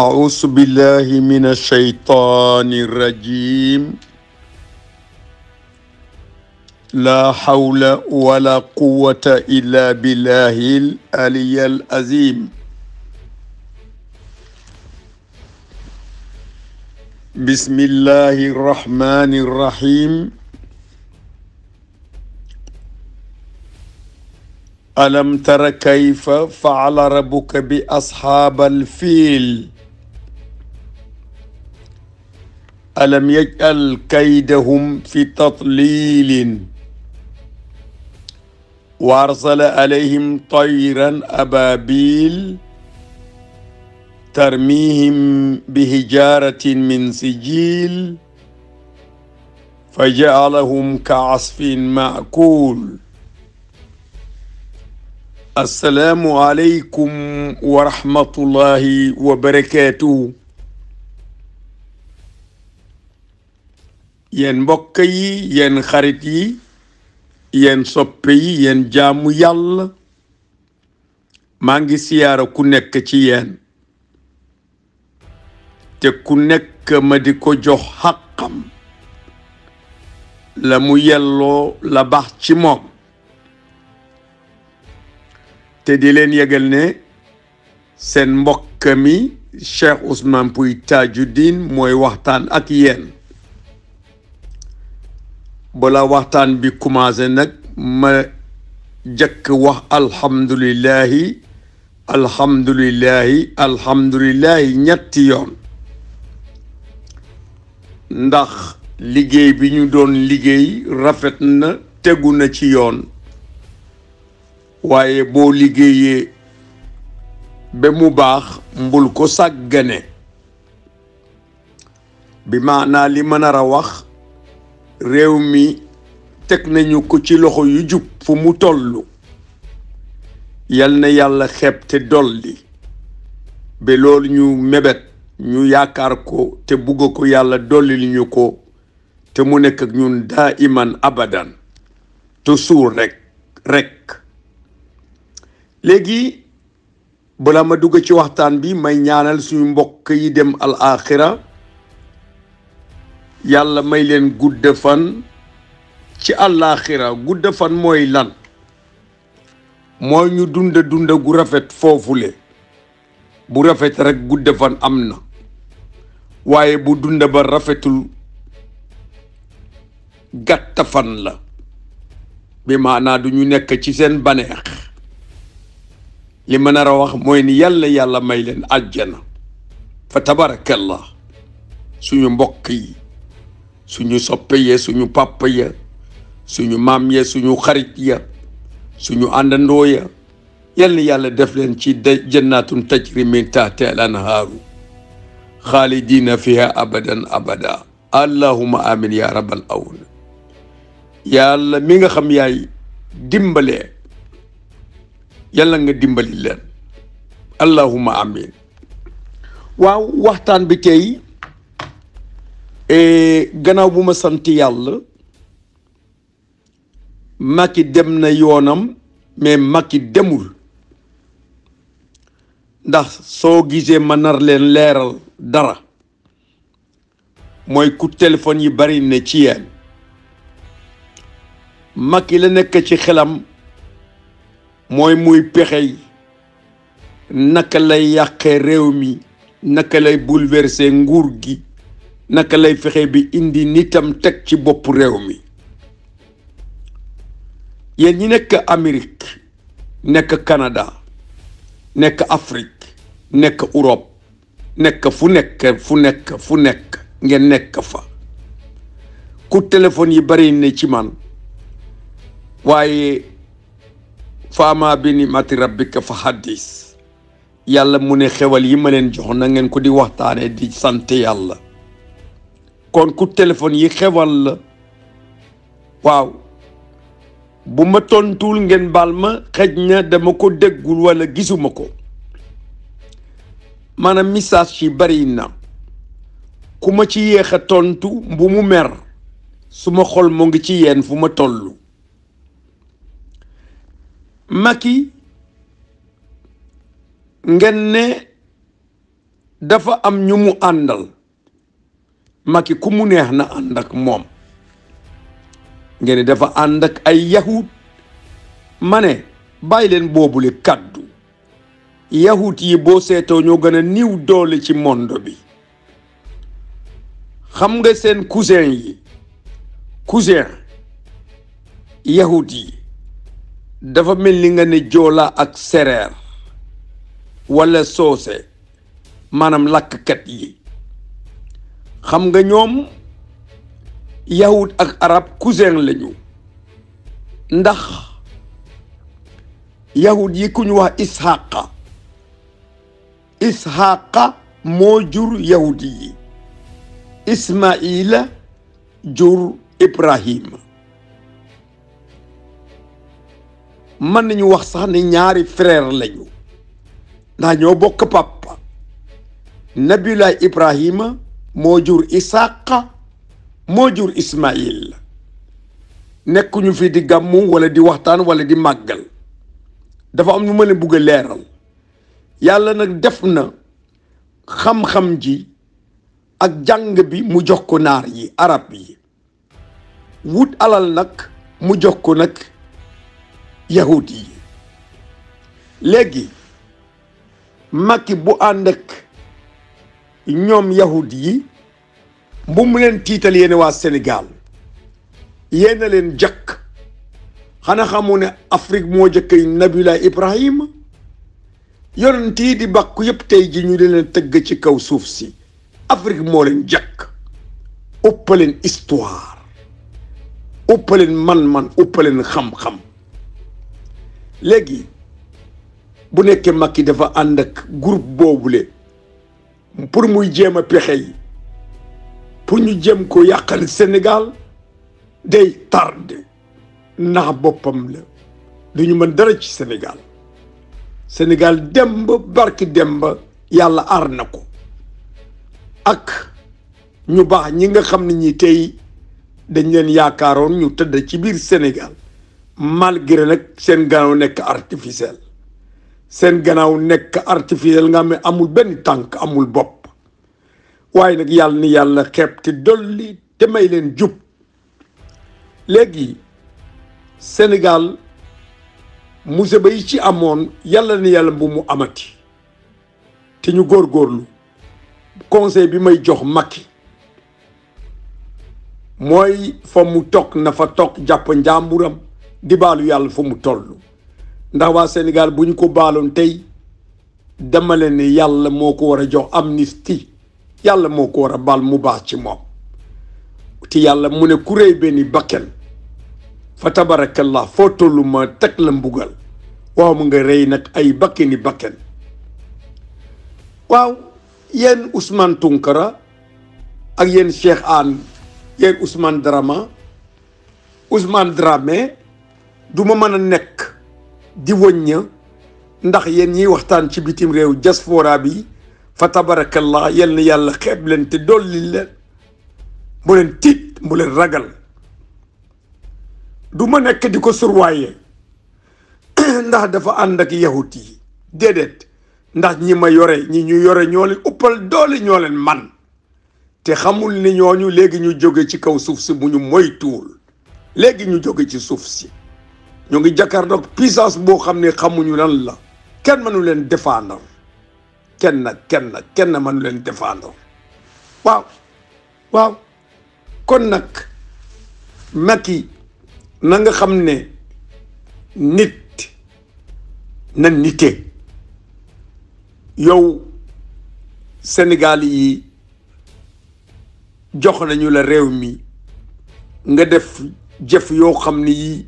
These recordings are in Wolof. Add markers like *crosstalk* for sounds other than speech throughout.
أعوذ بالله من الشيطان الرجيم لا حول ولا قوة إلا بالله العلي العظيم بسم الله الرحمن الرحيم ألم تر كيف فعل ربك بأصحاب الفيل ألم يجعل كيدهم في تضليل وأرسل عليهم طيرا أبابيل ترميهم بحجارة من سجيل فجعلهم كعصف مأكول السلام عليكم ورحمة الله وبركاته yéen mbokk yi yenn xarit yi yéen soppe yi yéen jaamu yàlla maa ngi siyaara ku nekk ci yéen te ku nekk ma di ko jox xàqam la mu yelloo la baax ci moom te di leen yëgal ne seen mbokk mi Cheikh Ousmane Pouye Tadjidine mooy waxtaan ak yéen bala waxtaan bi commencé nag ma jëkk wax alhamdulillahi alhamdulillahi alhamdulillahi ñetti yoon ndax liggéey bi ñu doon liggéey rafet na teguna ci yoon waaye boo liggéeyee ba mu baax mbul ko sàggane bi maanaa li ma nar wax réew mi teg nañu ko ci loxo yu jub fu mu toll yal na yàlla xepp te dolli ba loolu ñu mébét ñu yaakaar ko te bugg ko yàlla dolli li ñu ko te mu nekk ak ñun daa iman abadan toujours rek rek léegi balaa ma dugg ci waxtaan bi may ñaanal suñu mbokk yi dem al axira yàlla may leen gudd ci àllaaxira gudd fan mooy lan mooy ñu dund dund gu rafet foofule bu rafet rekk gudd am na waaye bu dund ba rafetul gàtt la bi maanaa du nekk ci seen baneex li ma nar a wax mooy ni yàlla yàlla may leen àjjana fa la suñu mbokk yi suñu soppe ya suñu papa ya suñu maam ya suñu xarit ya suñu àndandoo ya yal yàlla def leen ci jannatun tajri min tahtiha al anhaaru xaalidina fiha abadan abada allahuma amin ya rabbal awn yàlla mi nga xam yaay dimbalee yàlla nga dimbali leen allahuma amin waaw waxtaan bi tey gannaaw bu ma sant yàlla Macky dem na yoonam mais makki demul ndax soo gisee ma nar leen leeral dara mooy ku téléphone yi bari ne ci yeen Macky la nekk ci xelam mooy muy pexey naka lay yàqe réew mi naka lay bouleverser nguur gi naka lay fexe bi indi nitam teg ci bopp réew mi yéen ñi nekk Amérique nekk kanada nekk Afrique nekk urop nekk fu nekk fu nekk ngeen nekk fa ku téléphone yi bari ne ci man waaye faamaa bi ni mati rabbika fa haddis yàlla mu ne xewal yi ma leen jox na ngeen ko di waxtaanee di sant yàlla kon ku téléphone yi xewal la waaw bu ma tontuwul ngeen baal ma xëj na dama ko déggul walla gisuma ko maanaam message yi bari na ku ma ci yéex a tontu bu mu mer suma xol mu ngi ci yeen fu ma toll Macky ngeen ne dafa am ñu mu àndal Macky ku mu neex na ànd moom ngeen dafa ànd ay yahut mane ne bàyyi leen boobule kàddu yahut yi boo seetoo ñoo gën a niw doole ci monde bi xam nga seen cousin yi cousin yahut yi dafa mel ni nga ne joola ak sereer wala soose maanaam lakkkat yi xam nga ñoom yahud ak arab cousin lañu ndax yahud yi wax ishaqa ishaqa moo jur yahudi yi ismaila jur ibrahim mën nañu wax sax ne ñaari frère lañu ndax ñoo bokk papa nabilaay ibrahima moo jur Isaaq moo jur Ismaïl nekkuñu fi di gàmmu wala di waxtaan wala di màggal dafa am lu ma ne bugg a leeral yàlla nag def na xam-xam ji ak jàng bi mu jox ko naar yi arab yi wut alal nag mu jox ko nag yahud yi léegi Macky bu ànd ak ñoom yahud yi bu mu leen tiital yéen waa Sénégal yéen leen jëkk xana xamu ne afrig moo jëkkay Nabila Ibrahima yonent yi di bàkku yépp tey ji ñu di leen tëgg ci kaw suuf si afrig moo leen jëkk uppaleen histoire uppaleen man-man uppaleen xam-xam léegi bu nekkee ki dafa ànd ak groupe boobule pour muy jéem a pexe yi pour ñu jéem ko yàqal Sénégal day tardé ndax boppam la du mën dara ci Sénégal Sénégal dem ba barki dem ba yàlla aar na ko ak ñu baax ñi nga xam ne ñi tey dañ leen yaakaaroon ñu tëdd ci biir Sénégal malgré nag seen gannaaw nekk artificiel seen gannaaw nekk artificiel nga xam amul benn tànk amul bopp waaye nag yàlla ni yàlla xeeb te dolli te may leen jub léegi Sénégal musiba yi ci amoon yàlla ni yàlla bu mu amati te ñu góorlu conseil bi may jox Macky mooy fa mu toog na fa toog jàpp njàmburam di baalu yàlla fu mu tollu ndax waa Sénégal bu ñu ko baaloon tey dama leen ne yàlla moo ko war a jox amnistie yàlla moo ko war a baal mu baax ci moom te yàlla mu ne ku rëy benn bakkan fa tabarakallah foo tollu ma teg la mbugal waaw nga rëy nag ay bakkani bakkan waaw yenn Ousmane Tounkara ak yenn Cheikh Anne yéen Ousmane Drama Ousmane Dramé du mën a nekk di wëñña ndax yéen ñiy waxtaan ci bitim réew diaspora bi fa tabarakallah yal yàlla xeeb leen te dolli leen bu leen tiit bu leen ragal du ma nekk di ko surwaaye *clears throat* ndax dafa ànd ak yahut yi déedéet ndax ñi ma yore ñi ñu yore ñoo leen uppal doole ñoo leen man te xamul ni ñooñu léegi ñu jóge ci kaw suuf si bu ñu moytuwul léegi ñu jóge ci suuf si ñoo ngi jàkkaarloog puissance boo xam ne xamuñu lan la kenn mënu leen défendre kenn kenn kenn mënu leen défendre waaw waaw kon nag Macky na nga xam ne nit na nite yow Sénégal yi jox nañu la réew mi nga def jëf yoo xam ni yi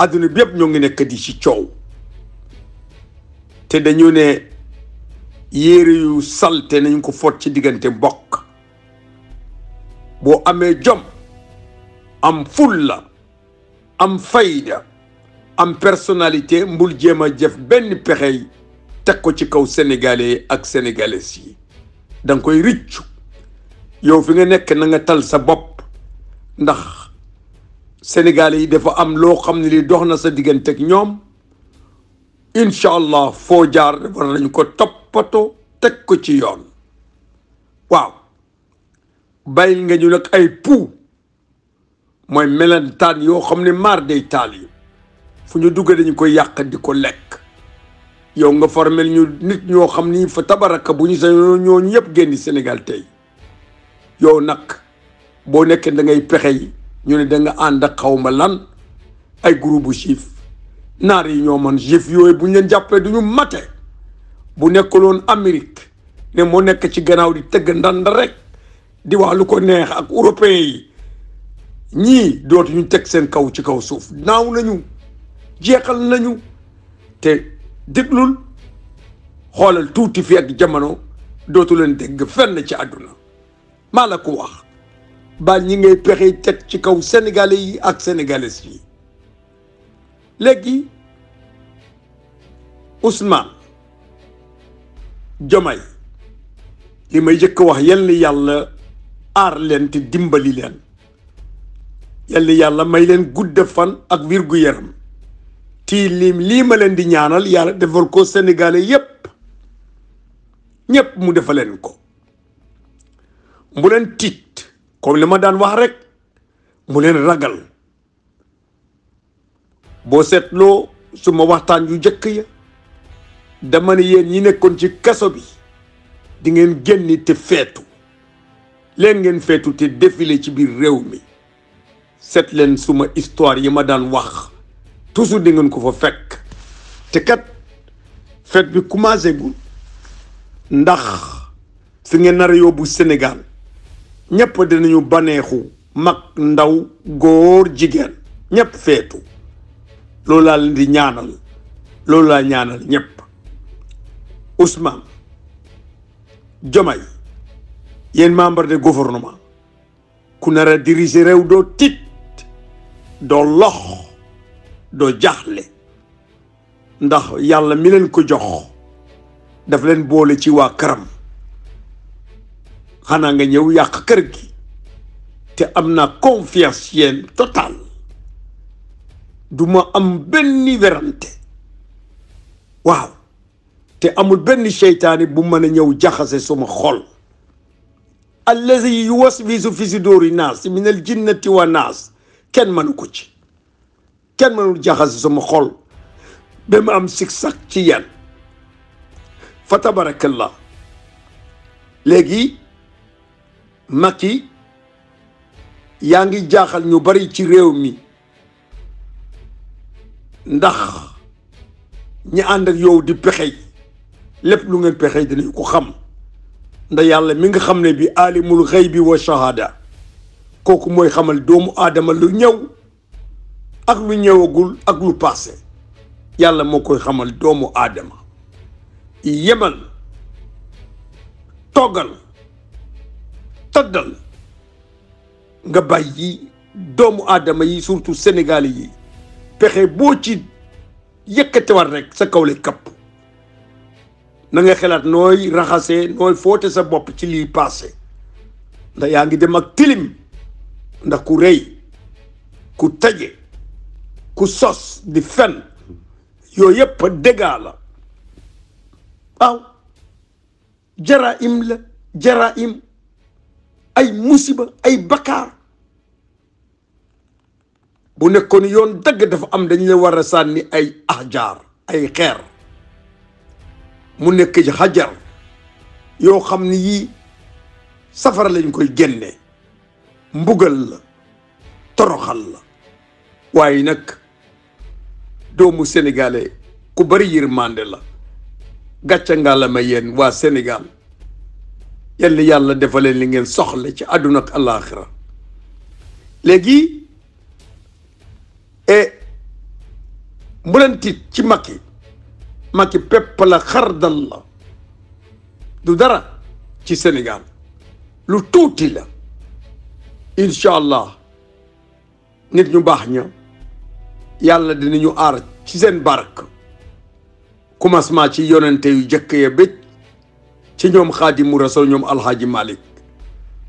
adduna bi yëpp ñoo ngi nekk di ci coow te dañu ne yére yu salte nañ ko fot ci diggante mbokk boo amee jom am fulla am fayda am personnalité mbul jéem a jëf benn pexey teg ko ci kaw sénégalais ak sénégalaises yi danga koy riccu yow fi nga nekk na nga tal sa bopp ndax Sénégalais yi dafa am loo xam ne li dox na sa diggante ak ñoom incha allah foo jaar war nañu ko toppatoo teg ko ci yoon waaw bàyyil nga ñu nag ay pou mooy melentaan yoo xam ne maar day taal yi fu ñu dugg dañu koy yàq di ko lekk yow nga formel ñu nit ñoo xam ni fa tabaraka bu ñu sa ñooñu yëpp génn Sénégal tey yow nag boo nekkee da ngay pexe yi ñu ne da nga ànd ak xaw ma lan ay groupe bu naar yi ñoo man juif yooyu bu ñu leen jàppee du ñu mate bu loon Amérique ne moo nekk ci gannaaw di tëgg ndand rek di wax lu ko neex ak européen yi ñii dootuñu teg seen kaw ci kaw suuf naaw nañu jeexal nañu te déglul xoolal tuuti fi ak jamono dootu leen dégg fenn ci àdduna maa la ko wax ba ñi ngay pexe teg ci kaw sénégalais yi ak sénégalaises yi léegi Ousmane Diomaye li may jëkk wax yal na yàlla aar leen te dimbali leen yal na yàlla may leen gudd fan ak wirgu yaram tii lii lii ma leen di ñaanal yàlla defal ko sénégalais yépp ñépp mu defaleen ko bu leen tiit comme li ma daan wax rek mu leen ragal boo seetloo suma waxtaan yu jëkk ya dama ne yéen ñi nekkoon ci kaso bi di ngeen génni te feetu leen ngeen feetu te défilé ci biir réew mi seet leen suma histoire yi ma daan wax toujours di ngeen ko fa fekk te kat fête bi commencé gul ndax fi ngeen nar a yóbbu Sénégal ñépp nañu baneexu mag ndaw góor jigéen ñépp feetu loolu laa leen di ñaanal loolu laa ñaanal ñépp Ousmane Diomaye yéen membre de gouvernement ku nar a diriger réew doo tiit doo lox doo jaaxle ndax yàlla mi leen ko jox daf leen boole ci waa karam xanaa nga ñëw yàq kër gi te am naa confiance yéen totale du ma am benn werante waaw te amul benn seytaane bu mën a ñëw jaxase suma xol allazi yuwaswisu fi suduri naas min al jinnati wa naas kenn mënu ko ci kenn mënul jaxase suma xol ba ma am sig sax ci yéen fa tabarakallah léegi Macky yaa ngi jaaxal ñu bari ci réew mi ndax ñi àndak yow di pexey lépp lu ngeen pexey dinañ ko xam nda yàlla mi nga xam ne bi alimul xaybi wa shahada kooku mooy xamal doomu aadama lu ñëw ak lu ñëwagul ak lu passé yàlla moo koy xamal doomu aadama yemal toggal tëddal nga bàyyi doomu aadama yi surtout sénégalais yi pexe boo ci yëkkatiwaat rekk sa kaw lay kapp na nga xelaat nooy raxasee nooy foote sa bopp ci lii passé ndax yaa ngi dem ak tilim ndax ku rëy ku taje ku sos di fen yooyu yëpp dégâts la waaw jaraim la jaraim ay musiba ay bakkaar bu nekkoon yoon dagg dafa am dañ la war a sànni ay ahjaar ay xeer mu nekk ci xajar yoo xam ni yii safara lañ koy génne mbugal la toroxal la waaye nag doomu sénégalais ku bari yërmande la gàcca nga la ma yéen waa Sénégal yàlla yàlla defalee li ngeen soxla ci àdduna ak alaaxira léegi e bu leen tiit ci Macky Macky pepp la xardal la du dara ci Sénégal lu tuuti la incha allah nit ñu baax ña yàlla ñu aar ci seen barke commencement ci yonante yu jëkk ya ba ci ñoom xaadimu rasul ñoom alxaaji malik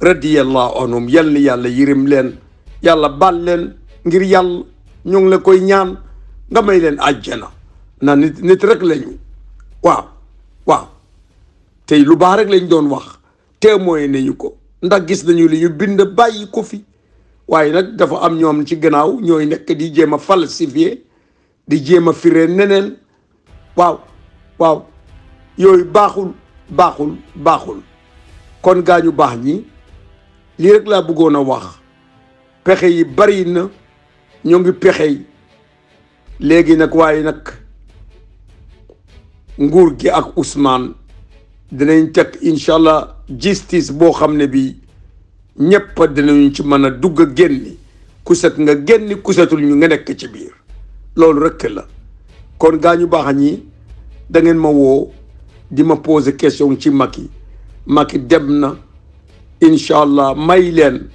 radiyallahu anhum yal na yàlla yërëm leen yàlla baal leen ngir yàlla ñu ngi la koy ñaan nga may leen àjjana na nit nit rek lañu waaw waaw tey lu baax rek lañ doon wax témoin nañu ko ndax gis nañu li ñu bind bàyyi ko fi waaye nag dafa am ñoom ci gannaaw ñooy nekk di jéem a falsifier di jéem a firee neneen waaw waaw baaxul baaxul baaxul kon gaañu baax ñi lii rek laa bëggoon a wax pexe yi bari na ñoo ngi pexe yi léegi nag waaye nag nguur gi ak Ousmane dinañ teg incha allah justice boo xam ne bii ñépp dinañu ci mën a dugg a génni kuset nga génni kusetul ñu nga nekk ci biir loolu rekk la kon gaañu baax ñi da ngeen ma woo di ma poser question ci Macky Macky dem na incha allah may leen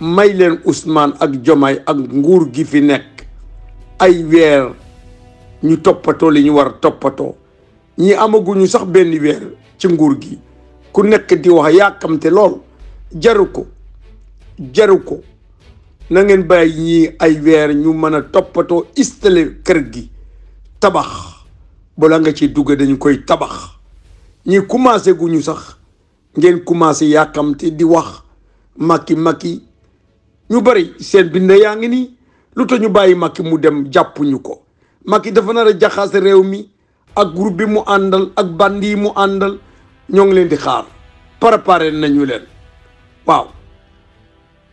may leen Ousmane ak Diomaye ak nguur gi fi nekk ay weer ñu toppatoo li ñu war a toppatoo ñi amaguñu sax benn weer ci nguur gi ku nekk di wax yàkkamte lool jaru ko jaru ko na ngeen bàyyi ñii ay weer ñu mën a toppatoo istale kër gi tabax bala nga ci dugg dañ koy tabax ñi commencé guñu sax ngeen commencé yàkkamte di wax maki maki ñu bari seen bind yaa ngi nii lu to ñu bayyi maki mu dem jàppuñu ko maki dafa na ra jaxass rew mi ak groupe bi mu andal ak bandi mu andal ñong leen di xaar préparé nañu leen waaw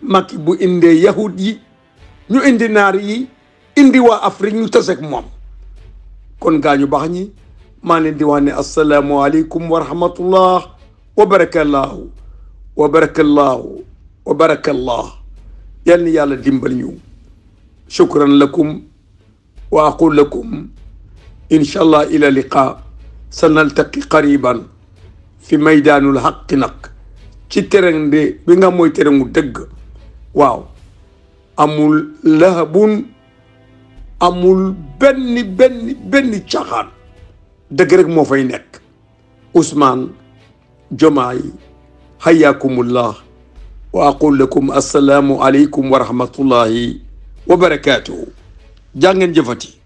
maki bu inde yahudi ñu indi nar yi indi wa afrique ñu mom kon gaa ñu baax ñi maa leen di wane ne asalaamualeykum wa rahmatullah wa barakallahu wa barakallahu wa barakallah yal na yàlla dimbal ñu shukran lakum wa aqul lakum insha allah ila liqa sanaltaqi qariban fi maydaanul xaqi nag ci terrain de bi nga mooy terengu wu dëgg waaw amul lahabun amul benn benn benn caaxaan dëgg rek moo fay nekk Ousmane jomaay hayyakumullah wa aqul lakum assalaamu aleykum wa rahmatullahi wa barakaatuhu jàngeen jëfati